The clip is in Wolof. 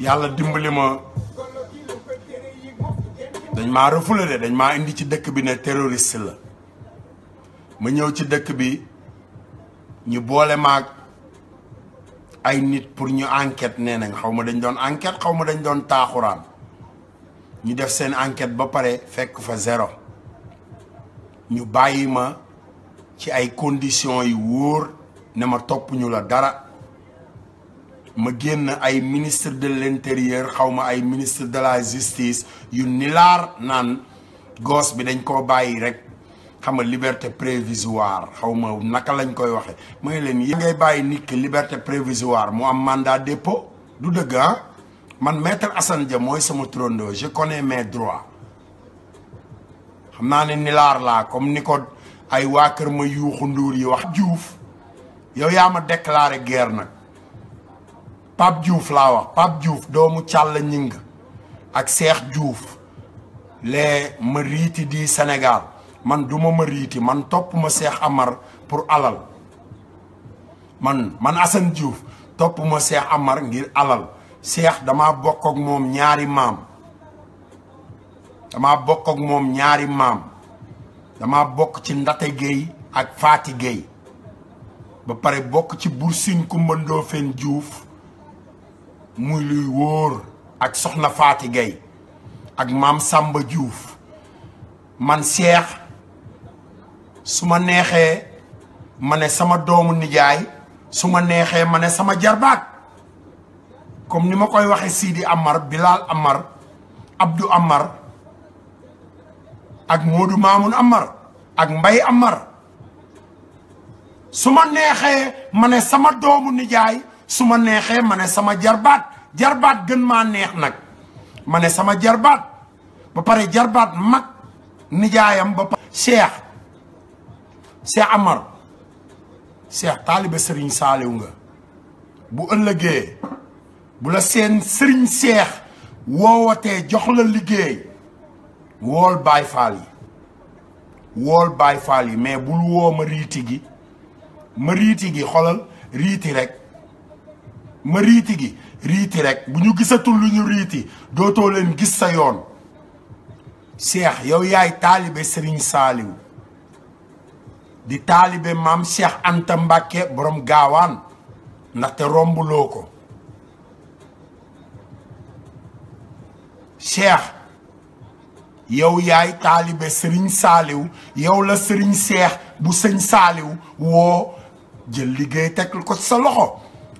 yàlla dimbali ma dañ maa refoulé de dañ maa indi ci dëkk bi ne terroriste la ma ñëw ci dëkk bi ñu boole maag ay nit pour ñu enquête nee nañ xaw ma dañ doon enquête xaw ma dañ doon taaxuraan ñu def seen enquête ba pare fekk fa zéro ñu bàyyi ma ci ay condition yu wóor ne ma toppuñu la dara ma génn ay ministre de l'intérieur xaw ma ay ministre de la justice yu nilaar naan gosse bi dañ koo bàyyi rek xam nga liberté provisoire xaw ma naka lañ koy waxe mooy leen yi ngay bàyyi nit ki liberté provisoire mu am mandat dépôt du dëgg ah man maître assan Dia mooy sama turandoo je connais mes droits xam naa ne nilaar laa comme ni ko ay waa kër ma yuuxu nduur yi wax juuf yow yaa ma déclaré guerre nag pap Diouf la wax pap Diouf doomu Càll Ñing ak Cheikh Diouf les meriti di Senegal, man duma meriti, man top ma Cheikh Amar pour alal man man Assane Diouf top ma Cheikh Amar ngir alal Cheikh dama bokk ak mom ñaari mam dama bokk ak mom ñaari mam dama bokk ci Ndate gey ak Faati ba pare bokk ci Boursine Coumba fen Diouf muy luy wóor ak soxna Faati ak maam sàmba juuf man Cheikh su ma neexee ma ne sama doomu nijaay su ma neexee ma ne sama jarbaat comme ni ma koy waxe siidi Amar Bilal Amar Abdou Amar ak Modou Mamoun Amar ak Mbay Amar su ma neexee ma ne sama doomu nijaay suman ma mané sama jarbat jarbat gën ma neex nak mané sama jarbat ba paré jarbat mak nijaayam ba cheikh cheikh amar cheikh talib serigne salew nga bu ëllëgé bu la seen serigne cheikh woowatee jox la liggéey wol bay fall yi wol bay fall yi mais lu wo ma riti gi ma riti gi xolal riti rek ma riiti gi riiti rekk bu ñu gisatu lu ñu riiti dootoo leen gis sa yoon Cheikh yow yaay taalibe Serigne Saliou di taalibe maam Cheikh Anta Mbacke borom gaawaan ndaxte rombuloo ko Cheikh yow yaay taalibe Serigne Saliou yow la sëriñ Cheikh bu sëñ saaliw woo jël liggéey teg ko sa loxo.